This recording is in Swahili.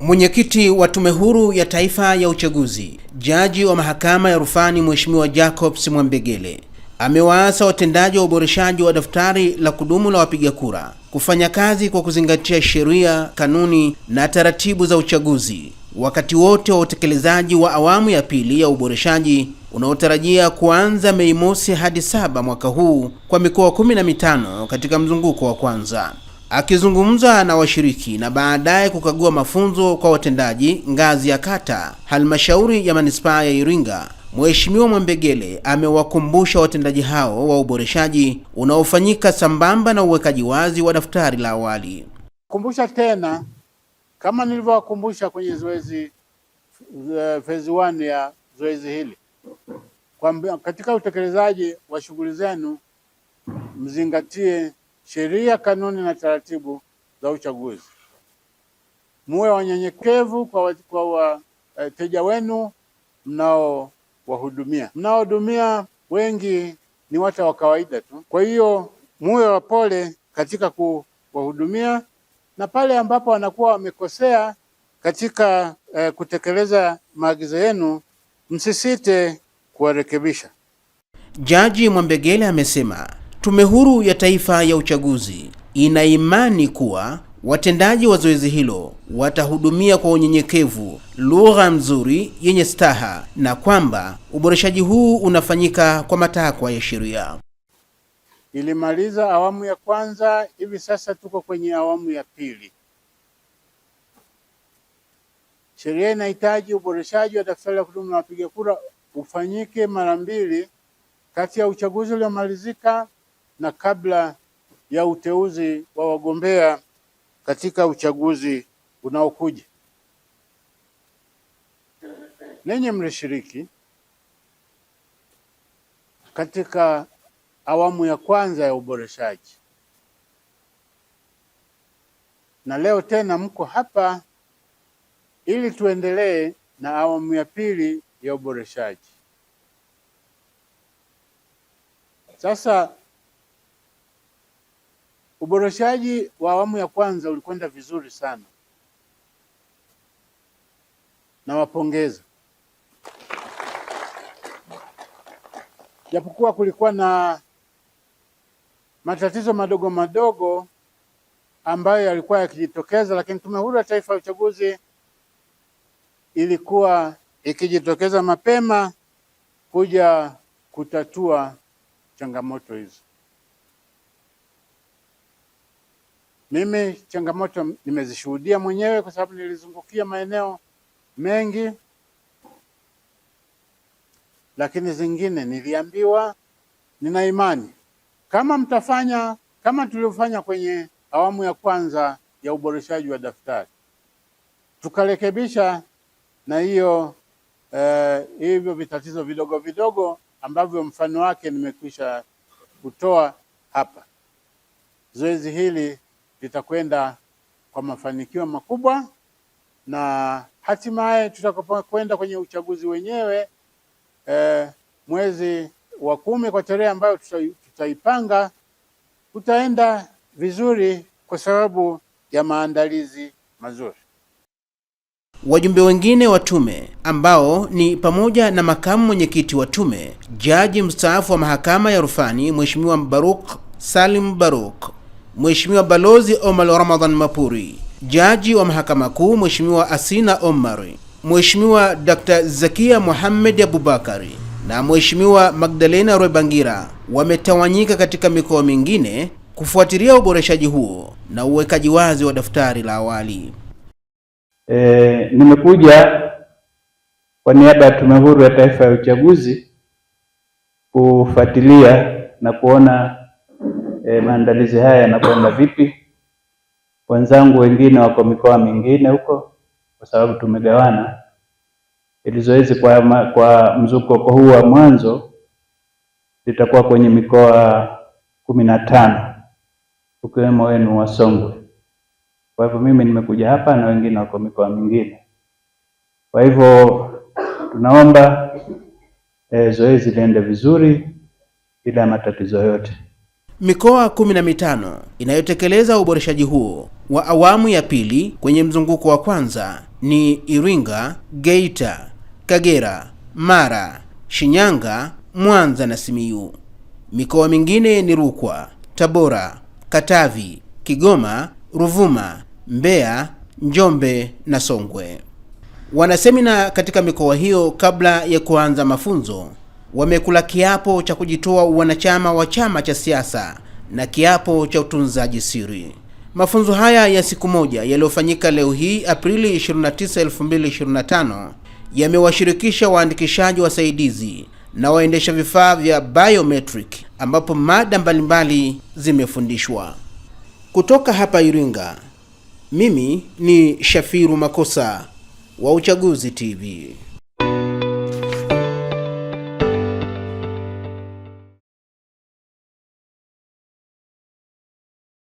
Mwenyekiti wa Tume Huru ya Taifa ya Uchaguzi, Jaji wa Mahakama ya Rufani Mheshimiwa Jacobs Mwambegele amewaasa watendaji wa uboreshaji wa daftari la kudumu la wapiga kura kufanya kazi kwa kuzingatia sheria, kanuni na taratibu za uchaguzi wakati wote wa utekelezaji wa awamu ya pili ya uboreshaji unaotarajia kuanza Mei Mosi hadi saba mwaka huu kwa mikoa 15 katika mzunguko wa kwanza. Akizungumza na washiriki na baadaye kukagua mafunzo kwa watendaji ngazi ya kata, halmashauri ya manispaa ya Iringa, Mheshimiwa Mwambegele amewakumbusha watendaji hao wa uboreshaji unaofanyika sambamba na uwekaji wazi wa daftari la awali. Kumbusha tena kama nilivyowakumbusha kwenye zoezi eh, phase one ya zoezi hili kwamba katika utekelezaji wa shughuli zenu mzingatie sheria, kanuni na taratibu za uchaguzi. Muwe wanyenyekevu kwa wateja eh, wenu mnaowahudumia. Mnaohudumia wengi ni watu wa kawaida tu, kwa hiyo muwe wapole katika kuwahudumia, na pale ambapo wanakuwa wamekosea katika eh, kutekeleza maagizo yenu, msisite kuwarekebisha. Jaji Mwambegele amesema Tume Huru ya Taifa ya Uchaguzi ina imani kuwa watendaji wa zoezi hilo watahudumia kwa unyenyekevu, lugha nzuri yenye staha, na kwamba uboreshaji huu unafanyika kwa matakwa ya sheria. Ilimaliza awamu ya kwanza, hivi sasa tuko kwenye awamu ya pili. Sheria inahitaji uboreshaji wa daftari la kudumu la wapiga kura ufanyike mara mbili kati ya uchaguzi uliomalizika na kabla ya uteuzi wa wagombea katika uchaguzi unaokuja. Ninyi mlishiriki katika awamu ya kwanza ya uboreshaji na leo tena mko hapa ili tuendelee na awamu ya pili ya uboreshaji. Sasa Uboreshaji wa awamu ya kwanza ulikwenda vizuri sana, nawapongeza. Japokuwa kulikuwa na matatizo madogo madogo ambayo yalikuwa yakijitokeza, lakini Tume Huru ya Taifa ya Uchaguzi ilikuwa ikijitokeza mapema kuja kutatua changamoto hizo. Mimi changamoto nimezishuhudia mwenyewe kwa sababu nilizungukia maeneo mengi, lakini zingine niliambiwa, nina imani kama mtafanya kama tulivyofanya kwenye awamu ya kwanza ya uboreshaji wa daftari, tukarekebisha na hiyo eh, hivyo vitatizo vidogo vidogo ambavyo mfano wake nimekwisha kutoa hapa, zoezi hili vitakwenda kwa mafanikio makubwa, na hatimaye tutakapokwenda kwenye uchaguzi wenyewe e, mwezi wa kumi kwa tarehe ambayo tutaipanga, tutaenda vizuri kwa sababu ya maandalizi mazuri. Wajumbe wengine wa tume ambao ni pamoja na makamu mwenyekiti wa tume, jaji mstaafu wa mahakama ya rufani Mheshimiwa Baruk Salim Baruk Mheshimiwa Balozi Omar ramadan Mapuri, Jaji wa Mahakama Kuu Mheshimiwa Asina Omar, Mheshimiwa Dr. Zakia Muhammad Abubakari na Mheshimiwa Magdalena Rwebangira wametawanyika katika mikoa mingine kufuatilia uboreshaji huo na uwekaji wazi wa daftari la awali. E, nimekuja kwa niaba ya Tume Huru ya Taifa ya Uchaguzi kufuatilia na kuona e, maandalizi haya yanakwenda vipi. Wenzangu wengine wako mikoa mingine huko, kwa sababu tumegawana ili zoezi kwa, kwa mzunguko huu wa mwanzo litakuwa kwenye mikoa kumi na tano ukiwemo wenu wa Songwe. Kwa hivyo mimi nimekuja hapa na wengine wako mikoa mingine. Kwa hivyo tunaomba e, zoezi liende vizuri bila matatizo yote. Mikoa kumi na mitano inayotekeleza uboreshaji huo wa awamu ya pili kwenye mzunguko wa kwanza ni Iringa, Geita, Kagera, Mara, Shinyanga, Mwanza na Simiyu. Mikoa mingine ni Rukwa, Tabora, Katavi, Kigoma, Ruvuma, Mbeya, Njombe na Songwe. Wanasemina katika mikoa hiyo kabla ya kuanza mafunzo wamekula kiapo cha kujitoa uwanachama wa chama cha siasa na kiapo cha utunzaji siri. Mafunzo haya ya siku moja yaliyofanyika leo hii Aprili 29, 2025 yamewashirikisha waandikishaji wasaidizi na waendesha vifaa vya biometric ambapo mada mbalimbali zimefundishwa. Kutoka hapa Iringa, mimi ni Shafiru Makosa wa Uchaguzi TV.